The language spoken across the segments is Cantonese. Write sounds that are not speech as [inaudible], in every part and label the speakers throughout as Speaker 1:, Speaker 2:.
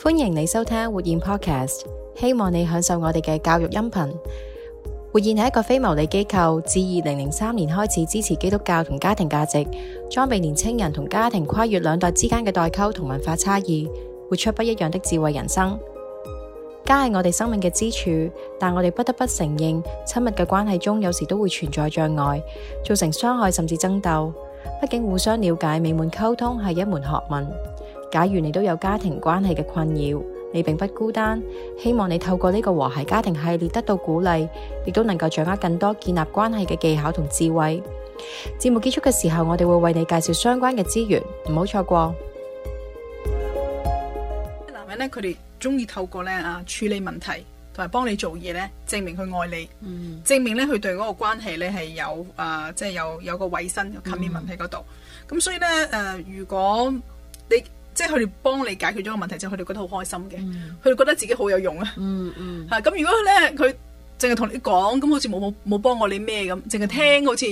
Speaker 1: 歡迎你收聽活現 Podcast，希望你享受我哋嘅教育音頻。活現係一個非牟利機構，自二零零三年開始支持基督教同家庭價值，裝備年青人同家庭跨越兩代之間嘅代溝同文化差異，活出不一樣的智慧人生。家係我哋生命嘅支柱，但我哋不得不承認，親密嘅關係中有時都會存在障礙，造成傷害甚至爭鬥。畢竟互相了解、美滿溝通係一門學問。假如你都有家庭關係嘅困擾，你並不孤單。希望你透過呢個和諧家庭系列得到鼓勵，亦都能夠掌握更多建立關係嘅技巧同智慧。節目結束嘅時候，我哋會為你介紹相關嘅資源，唔好錯過。男
Speaker 2: 人呢，佢哋中意透過咧啊處理問題，同埋幫你做嘢呢，證明佢愛你，嗯、證明呢佢對嗰個關係呢係有誒，即、呃、係、即係、有有個衛生有 commitment 喺嗰度。咁所以呢，誒、呃，如果你即係佢哋幫你解決咗個問題之後，就佢哋覺得好開心嘅，佢哋、mm. 覺得自己有 mm, mm.、啊、好，有，有，、mm. 好有用啊。嗯嗯、mm. 啊，吓咁如果咧佢淨係同你講，咁好似冇冇冇幫過你咩咁，淨係聽好似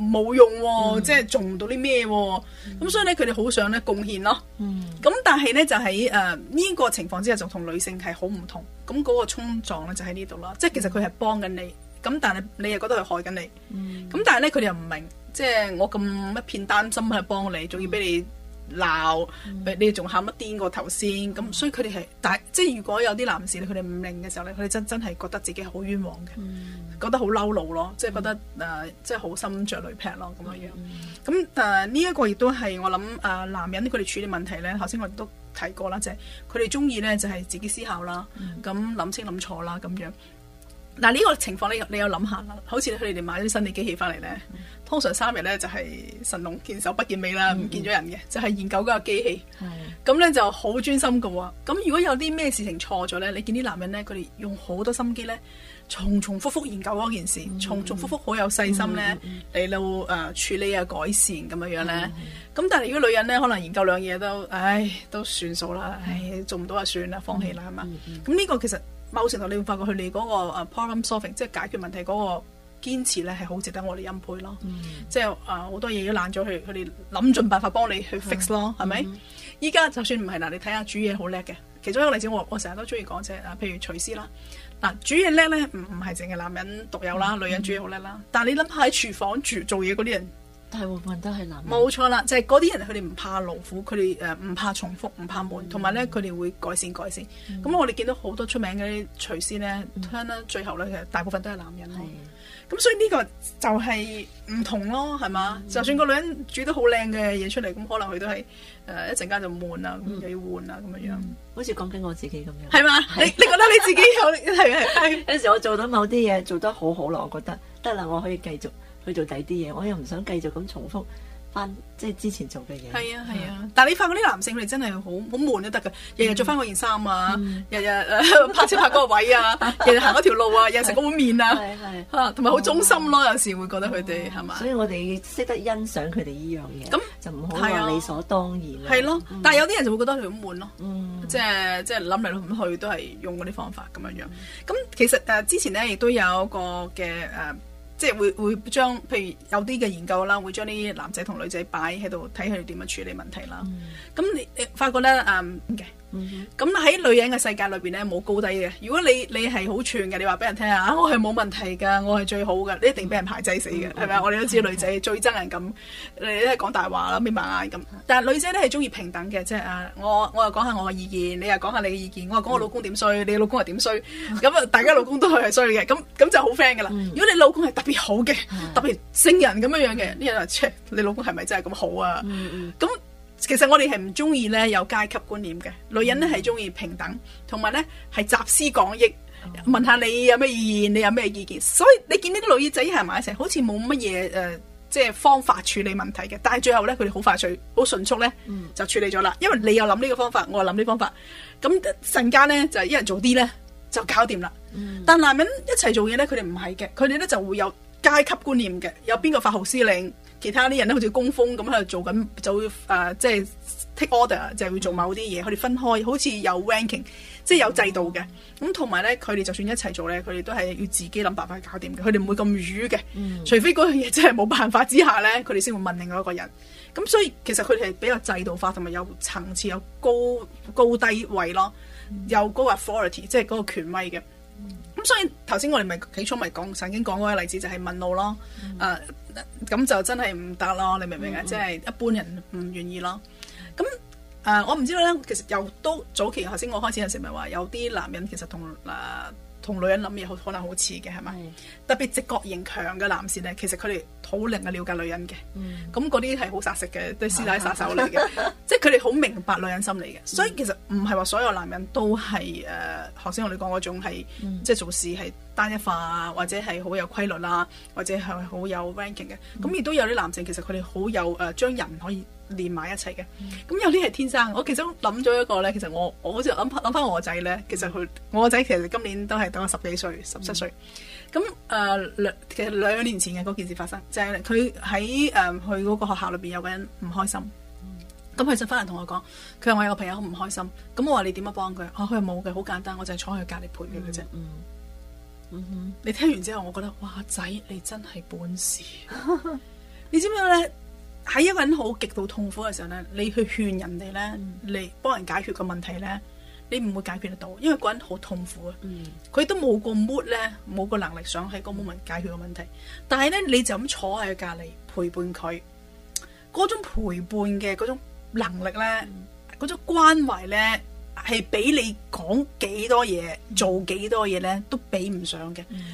Speaker 2: 冇用，即係做唔到啲咩，咁所以咧佢哋好想咧貢獻咯。咁、mm. 但係咧就喺誒呢個情況之下，就同女性係好唔同，咁嗰個衝撞咧就喺呢度啦。Mm. 即係其實佢係幫緊你，咁但係你又覺得佢害緊你。咁、mm. 但係咧佢哋又唔明，即係我咁一片擔心去幫你，仲要俾你。Mm. Mm. 鬧，罵 mm hmm. 你哋仲喊乜癲過頭先？咁、mm hmm. 所以佢哋係，但即係如果有啲男士佢哋唔明嘅時候咧，佢哋真真係覺得自己好冤枉嘅，mm hmm. 覺得好嬲怒咯，mm hmm. 即係覺得誒，即係、mm hmm. 呃、好心着雷劈咯咁樣。咁誒呢一個亦都係我諗誒、呃、男人佢哋處理問題咧，頭先我都提過啦，就係佢哋中意咧就係自己思考啦，咁諗清諗錯啦咁樣。Hmm. Mm hmm. mm hmm. 嗱呢個情況，你你有諗下啦？好似佢哋哋買咗啲新嘅機器翻嚟咧，通常三日咧就係神龍見首不見尾啦，唔見咗人嘅，就係研究嗰個機器。咁咧就好專心㗎喎。咁如果有啲咩事情錯咗咧，你見啲男人咧，佢哋用好多心機咧，重重複複研究嗰件事，重重複複好有細心咧嚟到誒處理啊改善咁樣樣咧。咁但係如果女人咧，可能研究兩嘢都，唉，都算數啦。唉，做唔到啊，算啦，放棄啦，係嘛？咁呢個其實，某程度，你會發覺佢哋嗰個 problem solving，即係解決問題嗰個堅持咧，係好值得我哋欽佩咯。嗯、即係啊，好、呃、多嘢都爛咗，佢佢哋諗盡辦法幫你去 fix 咯，係咪？依家就算唔係嗱，你睇下煮嘢好叻嘅，其中一個例子我，我我成日都中意講啫。啊，譬如廚師啦，嗱，煮嘢叻咧，唔唔係淨係男人獨有啦，嗯、女人煮嘢好叻啦。嗯、但係你諗下喺廚房住做嘢嗰啲人。大部分都係男人，冇錯啦，就係嗰啲人，佢哋唔怕勞苦，佢哋誒唔怕重複，唔怕悶，同埋咧佢哋會改善改善。咁我哋見到好多出名嗰啲廚師咧，聽得最後咧其實大部分都係男人咯。咁所以呢個就係唔同咯，係嘛？就算個女人煮得好靚嘅嘢出嚟，咁可能佢都係誒一陣間就悶啊，又要換啊咁樣樣。好似講
Speaker 1: 緊我自己咁樣，
Speaker 2: 係嘛？你你覺得你自己有係係？有時我做到某啲嘢做得好好咯，我覺得得啦，我可以繼續。去做第啲嘢，我又唔想繼續咁重複翻即係之前做嘅嘢。係啊係啊，但係你發覺呢個男性佢哋真係好好悶都得噶，日日着翻嗰件衫啊，日日拍車拍嗰個位啊，日日行嗰條路啊，日日食嗰碗麵啊，同埋好忠心咯，有時會覺得佢哋係嘛。所以我哋要識得欣賞佢哋呢樣嘢，咁就唔好話理所當然。係咯，但係有啲人就會覺得佢好悶咯，即係即係諗嚟諗去都係用嗰啲方法咁樣樣。咁其實誒之前咧亦都有個嘅誒。即係會會將，譬如有啲嘅研究啦，會將啲男仔同女仔擺喺度睇佢點樣處理問題啦。咁、嗯、你你發覺咧，誒嘅。咁喺女人嘅世界裏邊咧，冇高低嘅。如果你你係好串嘅，你話俾人聽下，我係冇問題噶，我係最好嘅，你一定俾人排擠死嘅，係咪？我哋都知女仔最憎人咁，你都係講大話啦，明白？眼咁。但係女仔咧係中意平等嘅，即係啊，我我又講下我嘅意見，你又講下你嘅意見，我話講我老公點衰，你老公係點衰，咁啊，大家老公都係係衰嘅，咁咁就好 friend 噶啦。如果你老公係特別好嘅，特別聖人咁樣樣嘅，呢樣就 check 你老公係咪真係咁好啊？咁。其實我哋係唔中意咧有階級觀念嘅，女人咧係中意平等，同埋咧係集思廣益，問下你有咩意見，你有咩意見。所以你見呢啲女仔行埋一齊，好似冇乜嘢誒，即係方法處理問題嘅。但係最後咧，佢哋好快速、好迅速咧，嗯、就處理咗啦。因為你又諗呢個方法，我又諗呢方法，咁陣間咧就一人做啲咧就搞掂啦。嗯、但男人一齊做嘢咧，佢哋唔係嘅，佢哋咧就會有階級觀念嘅，有邊個發號施令。其他啲人咧好似工蜂咁喺度做緊，做誒即係 take order，就係會做某啲嘢。佢哋、嗯、分開，好似有 ranking，即係有制度嘅。咁同埋咧，佢哋、嗯、就算一齊做咧，佢哋都係要自己諗辦法去搞掂嘅。佢哋唔會咁瘀嘅，嗯、除非嗰樣嘢真係冇辦法之下咧，佢哋先會問另外一個人。咁所以其實佢哋係比較制度化，同埋有層次，有高高低位咯，嗯、有高 authority，即係嗰個權威嘅。咁所以頭先我哋咪起初咪講曾經講過嘅例子就係問路咯，啊咁、嗯呃、就真係唔得咯，你明唔明啊？嗯嗯即係一般人唔願意咯。咁、嗯、啊、呃，我唔知道咧，其實又都早期頭先我開始嗰陣時咪話有啲男人其實同啊。呃同女人諗嘢可能好似嘅，係咪？嗯、特別直覺型強嘅男士咧，其實佢哋好靈嘅，了解女人嘅，咁嗰啲係好殺食嘅，對師奶殺手嚟嘅， [laughs] 即係佢哋好明白女人心理嘅，所以其實唔係話所有男人都係，誒，頭、呃、先我哋講嗰種係、嗯、即係做事係單一化啊，或者係好有規律啦，或者係好有 ranking 嘅，咁亦、嗯、都有啲男性其實佢哋好有誒，將、呃、人可以。連埋一齊嘅，咁、嗯、有啲係天生。我其實諗咗一個咧，其實我我好似諗翻諗翻我個仔咧，其實佢我個仔其實今年都係等咗十幾歲，十七歲。咁誒、嗯呃，其實兩年前嘅嗰件事發生，即係佢喺誒去嗰個學校裏邊有個人唔開心。咁佢、嗯、就翻嚟同我講，佢話我有個朋友好唔開心。咁我話你點樣幫佢？啊，佢冇嘅，好簡單，我就坐喺佢隔籬陪佢嘅啫。嗯嗯、你聽完之後，我覺得哇，仔你真係本事。 [laughs] 你知唔知咧？喺一個人好極度痛苦嘅時候咧，你去勸人哋咧，你幫人解決個問題咧，你唔會解決得到，因為嗰人好痛苦啊，嗯，佢都冇個 mood 咧，冇個能力想喺嗰 moment 解決個問題，但係咧，你就咁坐喺佢隔籬陪伴佢，嗰種陪伴嘅嗰種能力咧，嗰、嗯、種關懷咧。係俾你講幾多嘢，做幾多嘢咧，都比唔上嘅。咁、嗯、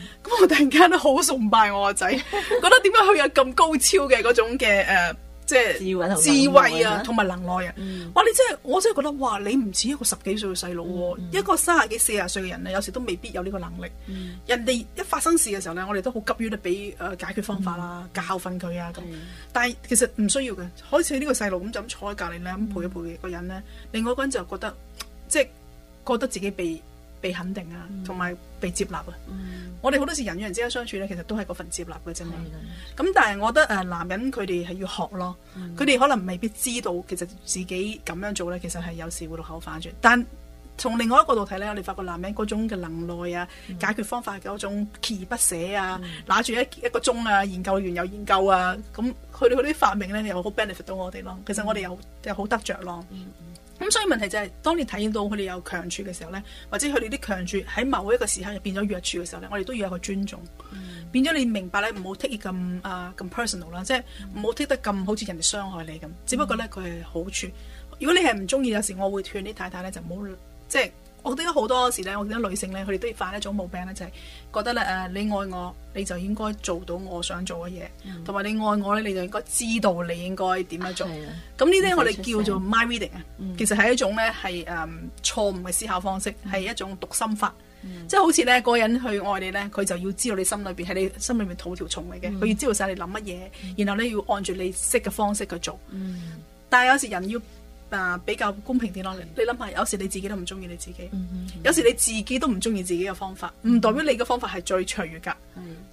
Speaker 2: 我突然間都好崇拜我個仔， [laughs] 覺得點解佢有咁高超嘅嗰種嘅誒，即、呃、係、就是、智慧啊，同埋能耐啊、嗯。哇！你真係，我真係覺得哇，你唔似一個十幾歲嘅細路，嗯嗯、一個三十幾四十歲嘅人咧，有時都未必有呢個能力。嗯、人哋一發生事嘅時候咧，我哋都好急於咧俾誒解決方法啦，嗯、教訓佢啊咁。嗯、但係其實唔需要嘅，好似呢個細路咁就咁坐喺隔籬咧，咁、嗯、陪一陪，一陪一個人咧。另外一個人就覺得。即係覺得自己被被肯定啊，同埋、嗯、被接納啊。嗯、我哋好多時人與人之間相處咧，其實都係嗰份接納嘅，真係、嗯。咁但係我覺得誒、呃，男人佢哋係要學咯，佢哋、嗯、可能未必知道，其實自己咁樣做咧，其實係有時會落口反轉。但係從另外一個角度睇咧，我哋發覺男人嗰種嘅能耐啊，嗯、解決方法嘅嗰種鍥而不捨啊，嗯、拿住一一,一個鐘啊，研究完又研究啊，咁佢哋嗰啲發明咧又好 benefit 到我哋咯。其實我哋又又好得着咯。咁、嗯、所以問題就係、是，當你體現到佢哋有強處嘅時候咧，或者佢哋啲強處喺某一個時刻就變咗弱處嘅時候咧，我哋都要有個尊重，嗯、變咗你明白咧，唔好 take 咁啊咁 personal 啦，即係唔好 take 得咁好似人哋傷害你咁。嗯、只不過咧，佢係好處。如果你係唔中意，有時我會勸啲太太咧就唔好，即、就、係、是。我覺得好多時咧，我見得女性咧，佢哋都要犯一種毛病咧，就係、是、覺得咧，誒、呃，你愛我，你就應該做到我想做嘅嘢，同埋、mm hmm. 你愛我咧，你就應該知道你應該點樣做。咁呢啲我哋叫做 mind reading 啊、嗯，其實係一種咧係誒錯誤嘅思考方式，係、嗯、一種讀心法，
Speaker 3: 嗯、
Speaker 2: 即係好似咧個人去愛你咧，佢就要知道你心裏邊係你心裏面肚條蟲嚟嘅，佢、嗯、要知道晒你諗乜嘢，然後咧要按住你識嘅方式去做。嗯、但係有時人要。比較公平啲咯。你你諗下，有時你自己都唔中意你自己，嗯嗯、有時你自己都唔中意自己嘅方法，唔代表你嘅方法係最卓越㗎。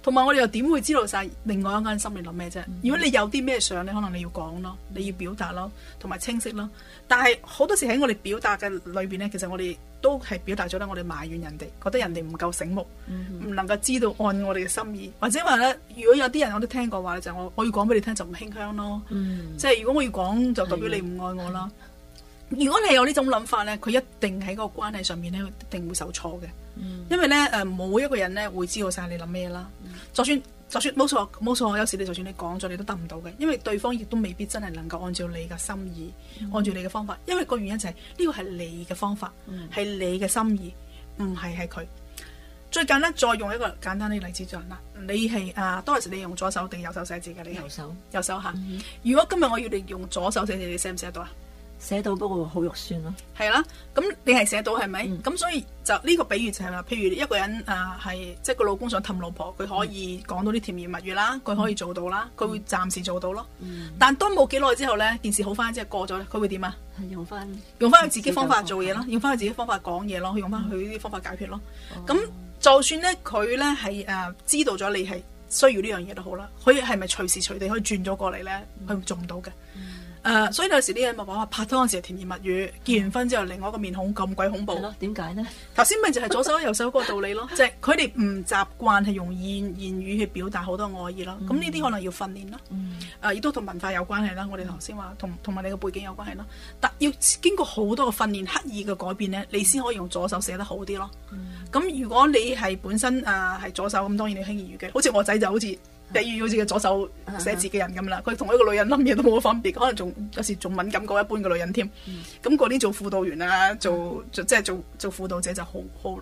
Speaker 2: 同埋、嗯、我哋又點會知道晒另外一間心裏諗咩啫？嗯嗯、如果你有啲咩想，你可能你要講咯，你要表達咯，同埋清晰咯。但係好多時喺我哋表達嘅裏邊呢，其實我哋都係表達咗咧，我哋埋怨人哋，覺得人哋唔夠醒目，唔、嗯、能夠知道按我哋嘅心意，或者話呢，如果有啲人我都聽過話咧，就我我要講俾你聽就唔馨香咯，嗯、即係如果我要講就代表你唔愛我啦。如果你有呢種諗法咧，佢一定喺嗰個關係上面咧，一定會受挫嘅。嗯、因為咧誒，冇、呃、一個人咧會知道晒你諗咩啦。就算就算冇錯冇錯，有時你就算你講咗，你都得唔到嘅。因為對方亦都未必真係能夠按照你嘅心意，嗯、按照你嘅方法。因為個原因就係呢個係你嘅方法，係、嗯、你嘅心意，唔係係佢。最近咧，再用一個簡單啲例子就係啦，你係啊，當時你用左手定右手寫字嘅？你右手右手下！嗯、如果今日我要你用左手寫字，你寫唔寫得到啊？寫到個好肉酸咯，係啦、啊，咁你係寫到係咪？咁、嗯、所以就呢個比喻就係、是、話，譬如一個人誒係、呃、即係個老公想氹老婆，佢可以講到啲甜言蜜語啦，佢可以做到啦，佢會暫時做到咯。嗯、但當冇幾耐之後呢，件事好翻即係過咗，佢會點啊？用翻用翻佢自己方法做嘢咯，用翻佢自己方法講嘢咯，用翻佢啲方法解決咯。咁、嗯、就算呢，佢呢係誒、呃、知道咗你係需要呢樣嘢都好啦，佢係咪隨時隨地可以轉咗過嚟呢？佢會、嗯、做唔到嘅。嗯誒、呃，所以有時啲人咪話話，拍拖嗰時係甜言蜜語，結完婚之後，另外一個面孔咁鬼恐怖咯？點解呢？頭先咪就係左手右手嗰個道理咯，即係佢哋唔習慣係用言言語去表達好多愛意咯。咁呢啲可能要訓練啦，誒、嗯，亦都同文化有關係啦。我哋頭先話同同埋你嘅背景有關係啦。但要經過好多嘅訓練，刻意嘅改變呢，你先可以用左手寫得好啲咯。咁、嗯、如果你係本身誒係、呃、左手咁當然你輕易語句，好似我仔就好似。比如好似個左手寫字嘅人咁啦，佢同是一個女人諗嘢都冇乜分別，可能仲有時仲敏感過一般嘅女人添。咁嗰啲做輔導員啊，做即係做做，做，做輔導者就好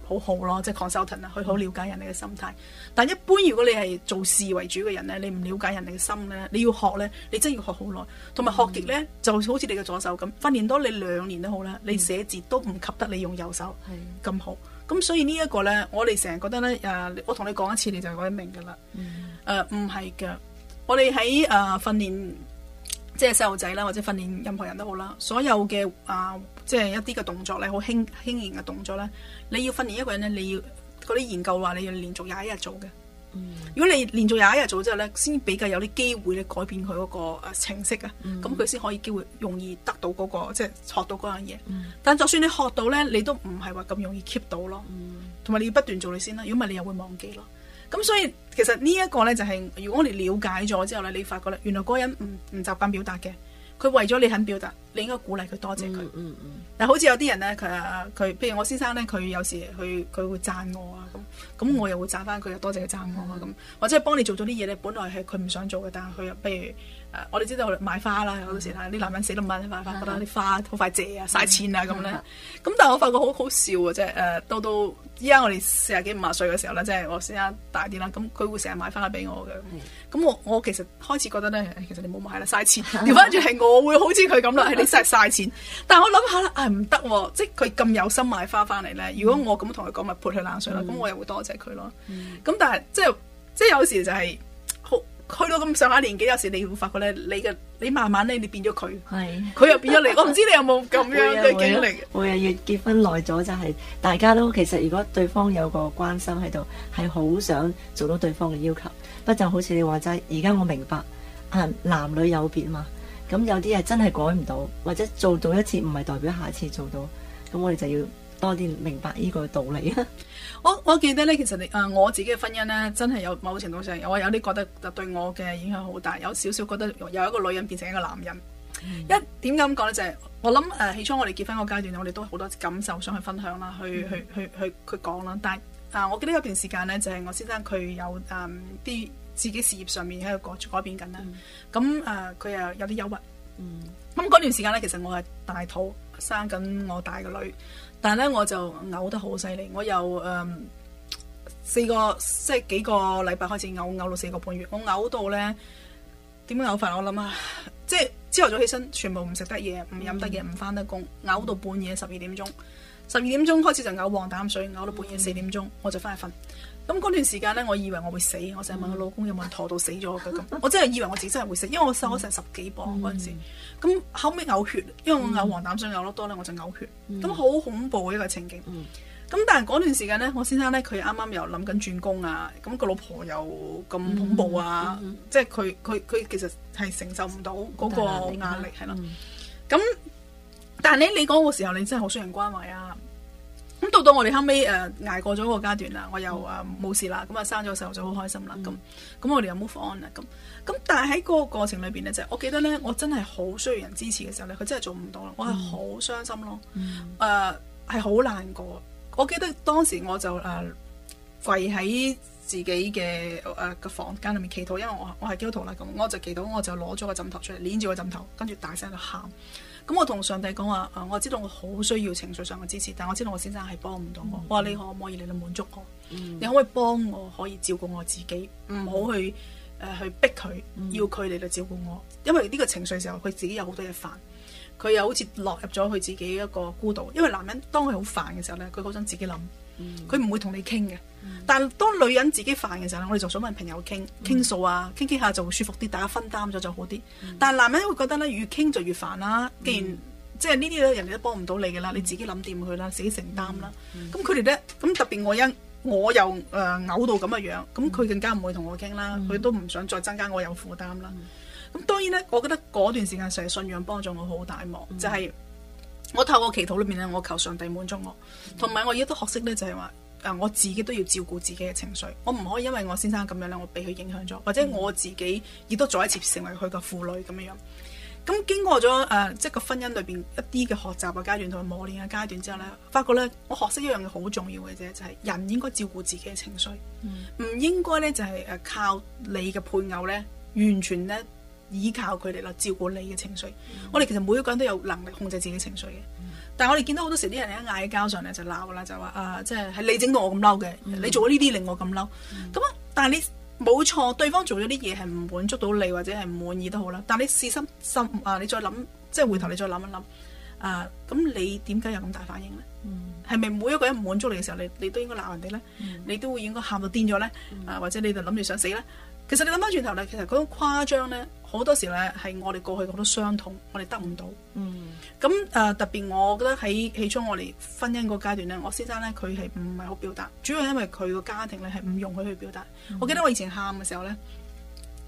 Speaker 2: 好好咯，即、就、係、是、consultant 啊，佢好了解人哋嘅心態。但一般如果你係做事為主嘅人咧，你唔了解人哋嘅心咧，你要學咧，你真要學好耐。同埋學極咧，就好似你嘅左手咁，訓練多你兩年都好啦，你寫字都唔及得你用右手係咁好。嗯。咁所以呢一個咧，我哋成日覺得咧，誒、呃，我同你講一次你就可以明噶啦。誒、嗯，唔係嘅，我哋喺誒訓練，即係細路仔啦，或者訓練任何人都好啦。所有嘅啊、呃，即係一啲嘅動作咧，好輕輕盈嘅動作咧，你要訓練一個人咧，你要嗰啲研究話你要連續廿一日做嘅。如果你連續廿一日做之後咧，先比較有啲機會咧改變佢嗰個誒程式啊，咁佢先可以機會容易得到嗰、那個即係、就是、學到嗰樣嘢。嗯、但就算你學到咧，你都唔係話咁容易 keep 到咯，同埋、嗯、你要不斷做你先啦，如果唔係你又會忘記咯。咁所以其實呢一個咧就係、是，如果我哋了解咗之後咧，你發覺咧，原來嗰個人唔唔習慣表達嘅。佢為咗你肯表達，你應該鼓勵佢多謝佢。嗱、嗯，嗯嗯、但好似有啲人咧，佢佢、啊，譬如我先生咧，佢有時佢佢會讚我啊，咁咁我又會讚翻佢，又多謝佢讚我啊，咁或者係幫你做咗啲嘢咧，本來係佢唔想做嘅，但係佢，又不如。我哋知道買花啦，有好多時啦，啲男人死都唔肯買花，覺得啲花好快謝啊，嘥錢啊咁咧。咁但係我發覺好好笑嘅啫，誒，到到依家我哋四十幾五十歲嘅時候咧，即係我先生大啲啦，咁佢會成日買翻嚟俾我嘅。咁我我其實開始覺得咧，其實你冇買啦，嘥錢。調翻轉係我會好似佢咁啦，係你真係嘥錢。但係我諗下咧，係唔得，即係佢咁有心買花翻嚟咧。如果我咁同佢講，咪潑佢冷水啦。咁我又會多謝佢咯。咁但係即係即係有時就係好。去到咁上下年紀，有時你會發覺咧，你嘅你慢慢咧，你變咗佢，佢是又變咗你。 [laughs] 我唔知你
Speaker 1: 有冇咁樣嘅經歷？每日要結婚耐咗，就係大家都其實如果對方有個關心喺度，係好想做到對方嘅要求。不過就好似你話齋，而家我明白啊，男女有別嘛。咁有啲嘢真係改唔到，或者做到一次唔係代表下次做到。咁我哋就要多啲明白呢個道理啊。哈哈
Speaker 2: 我我記得咧，其實你誒、呃，我自己嘅婚姻咧，真係有某程度上，我有啲覺得，就對我嘅影響好大，有少少覺得由一個女人變成一個男人。一點咁講咧，就係、是、我諗誒、呃，起初我哋結婚嗰階段，我哋都好多感受想去分享啦，去、嗯、去去去去講啦。但係啊、呃，我記得有段時間咧，就係、是、我先生佢有誒啲、嗯、自己事業上面喺度改改變緊啦。咁誒、嗯，佢、呃、又有啲憂鬱。咁嗰、嗯、段時間咧，其實我係大肚生緊我大個女。但咧我就嘔得好犀利，我又誒、嗯、四個即係幾個禮拜開始嘔嘔到四個半月，我嘔到咧點樣嘔法？我諗啊，即係朝頭早起身，全部唔食得嘢，唔飲得嘢，唔翻得工，嘔到半夜十二點鐘，十二點鐘開始就嘔黃膽水，嘔到半夜四點鐘，我就翻去瞓。咁嗰段時間咧，我以為我會死，我成日問我老公有冇人駝到死咗嘅咁，我真係以為我自己真係會死，因為我瘦咗成十幾磅嗰陣、嗯、時。咁後尾嘔血，因為我嘔黃膽水嘔得多咧，我就嘔血，咁好、嗯、恐怖嘅一個情景。咁、嗯、但係嗰段時間咧，我先生咧佢啱啱又諗緊轉工啊，咁個老婆又咁恐怖啊，嗯嗯、即係佢佢佢其實係承受唔到嗰個壓力係咯。咁但係你你嗰個時候你真係好需要人關懷啊！咁到到我哋後尾誒、呃、捱過咗嗰個階段啦，我又誒冇、呃、事啦，咁啊生咗個細路仔好開心啦，咁咁、嗯、我哋又 move on 啦，咁咁但係喺個過程裏邊咧，就係、我記得咧，我真係好需要人支持嘅時候咧，佢真係做唔到，我係好傷心咯，誒係好難過。我記得當時我就誒、呃、跪喺自己嘅誒個房間裏面祈禱，因為我我係基督徒啦，咁我就祈禱，我就攞咗個枕頭出嚟，攆住個枕頭，跟住大聲就喊。咁、嗯、我同上帝講話，誒，我知道我好需要情緒上嘅支持，但我知道我先生係幫唔到我。我話、嗯、你可唔可以嚟到滿足我？嗯、你可唔可以幫我可以照顧我自己？唔好、嗯、去誒，去、呃、逼佢，要佢嚟到照顧我。因為呢個情緒時候，佢自己有好多嘢煩，佢又好似落入咗佢自己一個孤獨。因為男人當佢好煩嘅時候咧，佢好想自己諗。佢唔會同你傾嘅，但係當女人自己煩嘅時候，我哋就想問朋友傾傾訴啊，傾傾下就會舒服啲，大家分擔咗就好啲。但係男人會覺得咧，越傾就越煩啦。既然即係呢啲咧，人哋都幫唔到你噶啦，你自己諗掂佢啦，自己承擔啦。咁佢哋咧，咁特別我因我又誒嘔到咁嘅樣，咁佢更加唔會同我傾啦，佢都唔想再增加我有負擔啦。咁當然咧，我覺得嗰段時間成日信仰幫咗我好大忙，就係。我透過祈禱裏面咧，我求上帝滿足我，同埋我而家都學識咧，就係話，誒，我自己都要照顧自己嘅情緒，我唔可以因為我先生咁樣咧，我俾佢影響咗，或者我自己亦都再一次成為佢嘅負累咁樣樣。咁經過咗誒，即係個婚姻裏邊一啲嘅學習嘅階段同埋磨練嘅階段之後咧，發覺咧，我學識一樣嘢好重要嘅啫，就係人應該照顧自己嘅情緒，唔、嗯、應該咧就係誒靠你嘅配偶咧，完全咧。依靠佢哋，啦，照顧你嘅情緒，mm hmm. 我哋其實每一個人都有能力控制自己情緒嘅。Mm hmm. 但係我哋見到好多時啲人喺嗌交上咧就鬧啦，就話啊，即係係你整到我咁嬲嘅，mm hmm. 你做咗呢啲令我咁嬲。咁啊、mm hmm.，但係你冇錯，對方做咗啲嘢係唔滿足到你或者係唔滿意都好啦。但係你事心心啊，你再諗，即係回頭你再諗一諗啊，咁你點解有咁大反應呢？係咪、mm hmm. 每一個人唔滿足你嘅時候，你你，你都應該鬧人哋咧？Mm hmm. 你都會應該喊到癲咗咧？Mm hmm. 或者你就諗住想死咧？其實你諗翻轉頭咧，其實嗰種誇張咧，好多時咧係我哋過去好多傷痛，我哋得唔到。咁誒、嗯呃、特別，我覺得喺起初我哋婚姻嗰階段咧，我先生咧佢係唔係好表達，主要係因為佢個家庭咧係唔容許佢表達。嗯、我記得我以前喊嘅時候咧，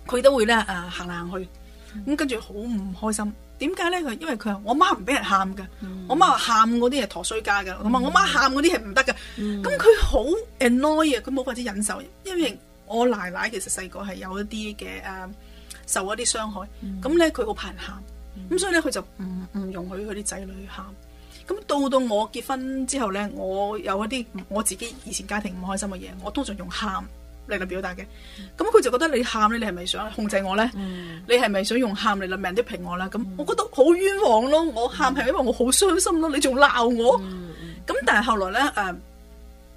Speaker 2: 佢都會咧誒行行去，咁、嗯嗯、跟住好唔開心。點解咧？佢因為佢話我媽唔俾人喊噶，我媽話喊嗰啲係陀衰家噶，同埋我媽喊嗰啲係唔得噶。咁佢好 annoy 啊，佢冇、嗯、法子忍受，因為。我奶奶其實細個係有一啲嘅誒，受一啲傷害，咁咧佢好怕人喊，咁、嗯、所以咧佢就唔唔容許佢啲仔女去喊。咁到到我結婚之後咧，我有一啲我自己以前家庭唔開心嘅嘢，我都仲用喊嚟嚟表達嘅。咁佢、嗯、就覺得你喊咧，你係咪想控制我咧？嗯、你係咪想用喊嚟嚟命啲評我咧？咁我覺得好冤枉咯，我喊係因為我好傷心咯，你仲鬧我？咁但係後來咧誒。Uh, uh, uh,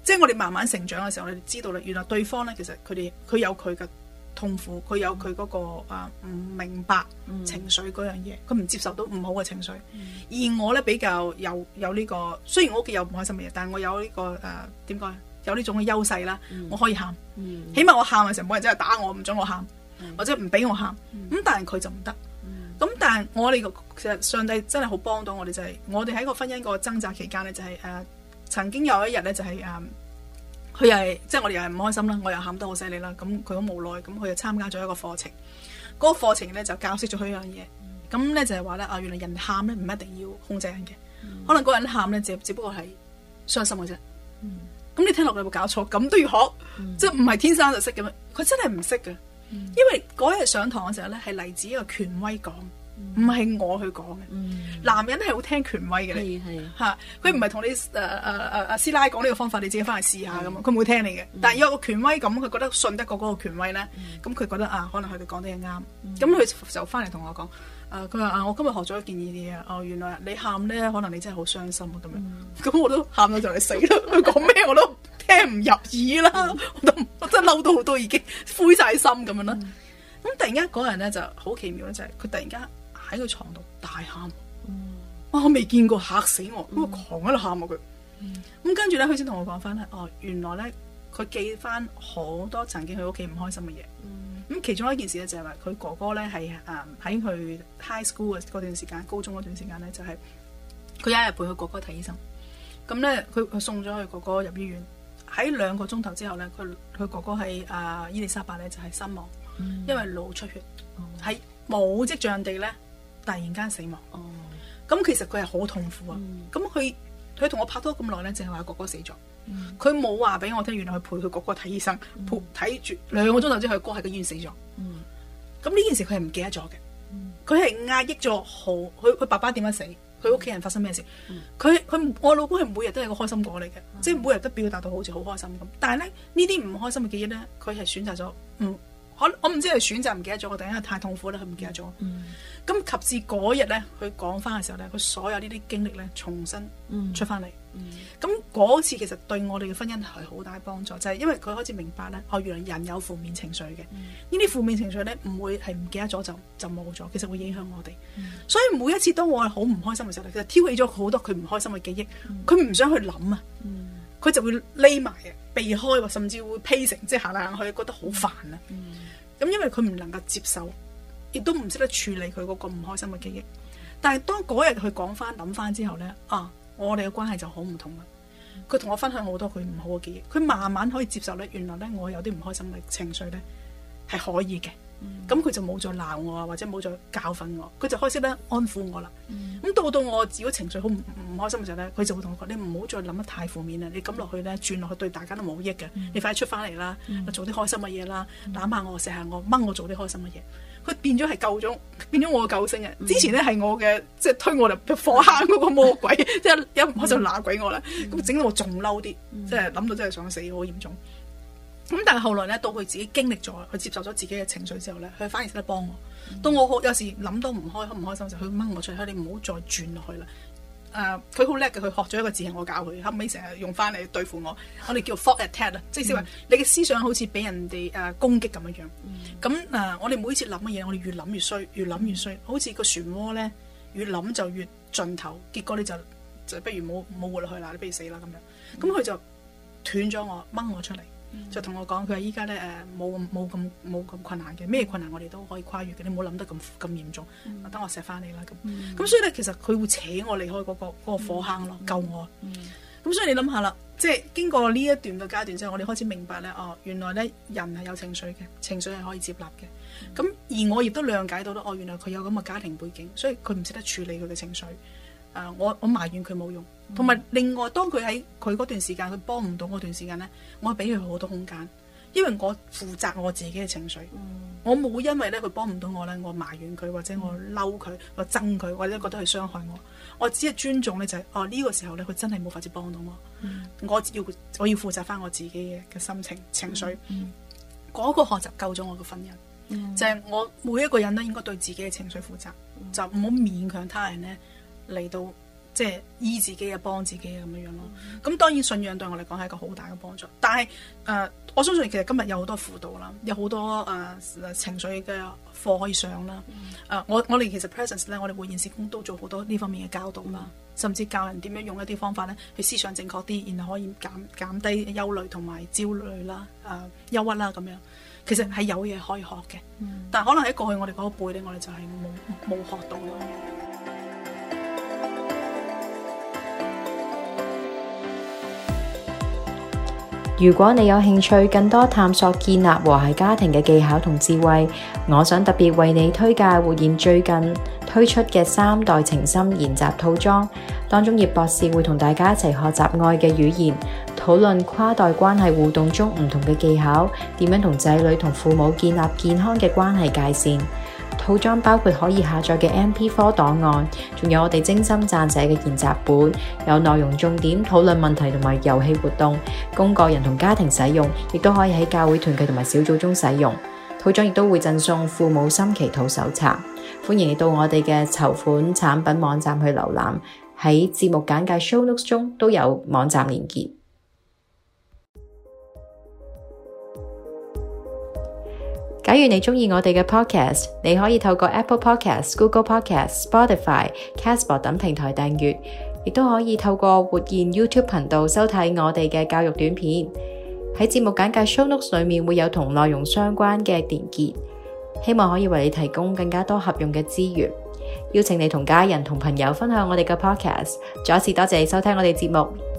Speaker 2: 即係我哋慢慢成長嘅時候，你哋知道咧，原來對方咧，其實佢哋佢有佢嘅痛苦，佢有佢嗰個啊唔明白情緒嗰樣嘢，佢唔接受到唔好嘅情緒。而我咧比較有有呢個，雖然我屋企有唔開心嘅嘢，但係我有呢個誒點講？有呢種嘅優勢啦，我可以喊，起碼我喊嘅時候冇人真係打我，唔准我喊，或者唔俾我喊。咁但係佢就唔得。咁但係我哋其實上帝真係好幫到我哋，就係我哋喺個婚姻個掙扎期間咧，就係誒曾經有一日咧，就係誒。佢又係即係我哋又係唔開心啦，我又喊得好犀利啦，咁佢好無奈，咁佢就參加咗一個課程，嗰、嗰個課程咧就教識咗佢一樣嘢，咁咧、嗯、就係話咧啊，原來人喊咧唔一定要控制人嘅，嗯、可能嗰人喊咧只只不過係傷心嘅啫，咁、嗯、你聽落去有冇搞錯？咁都要學，嗯、即係唔係天生就識嘅，佢真係唔識嘅，嗯、因為嗰日上堂嘅時候咧係嚟自一個權威講。唔係我去講嘅，男人係好聽權威嘅咧，吓佢唔係同你誒誒誒阿師奶講呢個方法，你自己翻去試下，咁佢唔會聽你嘅。但係有個權威咁，佢覺得信得過嗰個權威咧，咁佢覺得啊，可能佢哋講得啱，咁佢就翻嚟同我講，佢話啊，我今日學咗一件嘢啊，哦原來你喊咧，可能你真係好傷心啊咁樣，咁我都喊到就嚟死啦，佢講咩我都聽唔入耳啦，我都真係嬲到好多，已經灰晒心咁樣啦。咁突然間嗰人咧就好奇妙就係，佢突然間。喺佢床度大喊，嗯、哇！我未見過，嚇死我，咁啊狂喺度喊啊佢。咁、嗯、跟住咧，佢先同我講翻哦，原來咧，佢記翻好多曾經喺屋企唔開心嘅嘢。咁、嗯、其中一件事咧就係話佢哥哥咧係誒喺佢 high school 嘅嗰段時間，高中嗰段時間咧就係、是、佢一日陪佢哥哥睇醫生。咁咧佢送咗佢哥哥入醫院，喺兩個鐘頭之後咧，佢佢哥哥係誒、呃、伊利沙伯咧就係、是、身亡，嗯、因為腦出血，係冇跡象地咧。突然間死亡，咁、哦、其實佢係好痛苦啊！咁佢佢同我拍拖咁耐咧，淨係話哥哥死咗，佢冇話俾我聽。原來佢陪佢哥哥睇醫生，陪睇住兩個鐘頭之後，哥喺個醫院死咗。咁呢、嗯、件事佢係唔記得咗嘅，佢係、嗯、壓抑咗好。佢佢爸爸點樣死？佢屋企人發生咩事？佢佢、嗯、我老公係每日都係個開心果嚟嘅，即係、嗯、每日都表達到好似好開心咁。但係咧呢啲唔開心嘅記憶咧，佢係選擇咗唔。嗯我我唔知佢選擇唔記得咗，我突然間太痛苦咧，佢唔記得咗。咁、嗯、及至嗰日咧，佢講翻嘅時候咧，佢所有呢啲經歷咧，重新出翻嚟。咁嗰、嗯嗯、次其實對我哋嘅婚姻係好大幫助，就係、是、因為佢開始明白咧，哦，原來人有負面情緒嘅，呢啲負面情緒咧唔會係唔記得咗就就冇咗，其實會影響我哋。嗯、所以每一次當我係好唔開心嘅時候咧，其實挑起咗好多佢唔開心嘅記憶，佢唔、嗯、想去諗啊，佢、嗯、就會匿埋啊。避開，甚至會批成即行嚟行去，覺得好煩啊！咁、嗯、因為佢唔能夠接受，亦都唔識得處理佢嗰個唔開心嘅記憶。但係當嗰日佢講翻諗翻之後呢，啊，我哋嘅關係就好唔同啦。佢同、嗯、我分享多好多佢唔好嘅記憶，佢慢慢可以接受呢。原來呢，我有啲唔開心嘅情緒呢，係可以嘅。咁佢、嗯、就冇再鬧我啊，或者冇再教訓我，佢就開始咧安撫我啦。咁到、嗯、到我自己情緒好唔唔開心嘅時候咧，佢就會同我講、嗯：你唔好再諗得太負面啦，你咁落去咧，轉落去對大家都冇益嘅。你快啲出翻嚟啦，做啲開心嘅嘢啦，攬下我，錫下我，掹我做啲開心嘅嘢。佢變咗係救咗，變咗我嘅救星啊！之前咧係我嘅，即、就、係、是、推我嚟火坑嗰個魔鬼，即係一開就鬧鬼我啦。咁整到我仲嬲啲，即係諗到真係想死，好嚴重。咁但係後來咧，到佢自己經歷咗，佢接受咗自己嘅情緒之後咧，佢反而識得幫我。嗯、到我好有時諗都唔開，唔開心就佢掹我出去，嗯、你唔好再轉落去啦。誒、呃，佢好叻嘅，佢學咗一個字係我教佢，後尾成日用翻嚟對付我。我哋叫 fork attack 啊，即係話你嘅思想好似俾人哋誒、呃、攻擊咁樣樣。咁誒、嗯呃，我哋每次諗嘅嘢，我哋越諗越衰，越諗越衰，好似個漩渦咧，越諗就越盡頭。結果你就就不如冇冇活落去啦，你不如死啦咁樣。咁佢、嗯、就斷咗我掹我出嚟。就同我講，佢話依家咧誒，冇冇咁冇咁困難嘅，咩困難我哋都可以跨越嘅，你唔好諗得咁咁嚴重。等、嗯、我錫翻你啦，咁咁所以咧，其實佢會扯我離開嗰、嗰個、嗰個火坑咯，救我。咁、嗯嗯、所以你諗下啦，即係經過呢一段嘅階段之後，我哋開始明白咧，哦，原來咧人係有情緒嘅，情緒係可以接納嘅。咁、嗯、而我亦都諒解到咧，哦，原來佢有咁嘅家庭背景，所以佢唔識得處理佢嘅情緒。誒，我我埋怨佢冇用，同埋另外，當佢喺佢嗰段時間，佢幫唔到我段時間咧，我俾佢好多空間，因為我負責我自己嘅情緒，嗯、我冇因為咧佢幫唔到我咧，我埋怨佢或者我嬲佢、嗯，我憎佢，或者覺得佢傷害我，我只係尊重咧，就係哦，呢個時候咧佢真係冇法子幫到我，、嗯我，我要我要負責翻我自己嘅嘅心情情緒，嗰、嗯嗯、個學習救咗我嘅婚姻，嗯、就係我每一個人都應該對自己嘅情緒負責，就唔好勉強他人咧。嚟到即係醫自己啊，幫自己啊咁樣樣咯。咁、嗯、當然信仰對我嚟講係一個好大嘅幫助。但係誒、呃，我相信其實今日有好多輔導啦，有好多誒、呃、情緒嘅課可以上啦。誒、呃，我我哋其實 presence 咧，我哋會現時工都做好多呢方面嘅教導啦，甚至教人點樣用一啲方法咧，去思想正確啲，然後可以減減低憂慮同埋焦慮啦、誒、呃、憂鬱啦咁樣。其實係有嘢可以學嘅，嗯、但係可能喺過去我哋嗰個輩咧，我哋就係冇冇學到咯。
Speaker 1: 如果你有興趣更多探索建立和諧家庭嘅技巧同智慧，我想特別為你推介活現最近推出嘅三代情深研習套裝。當中葉博士會同大家一齊學習愛嘅語言，討論跨代關係互動中唔同嘅技巧，點樣同仔女同父母建立健康嘅關係界線。套裝包括可以下載嘅 MP4 檔案，仲有我哋精心撰寫嘅研習本，有內容重點、討論問題同埋遊戲活動，供個人同家庭使用，亦都可以喺教會團體同埋小組中使用。套裝亦都會贈送《父母心祈禱手冊》，歡迎到我哋嘅籌款產品網站去瀏覽，喺節目簡介 Show Notes 中都有網站鏈接。假如你中意我哋嘅 podcast，你可以透過 Apple Podcast、Google Podcast、Spotify、Casper 等平台訂閱，亦都可以透過活現 YouTube 頻道收睇我哋嘅教育短片。喺節目簡介 show notes 裏面會有同內容相關嘅連結，希望可以為你提供更加多合用嘅資源。邀請你同家人同朋友分享我哋嘅 podcast。再一次多謝你收聽我哋節目。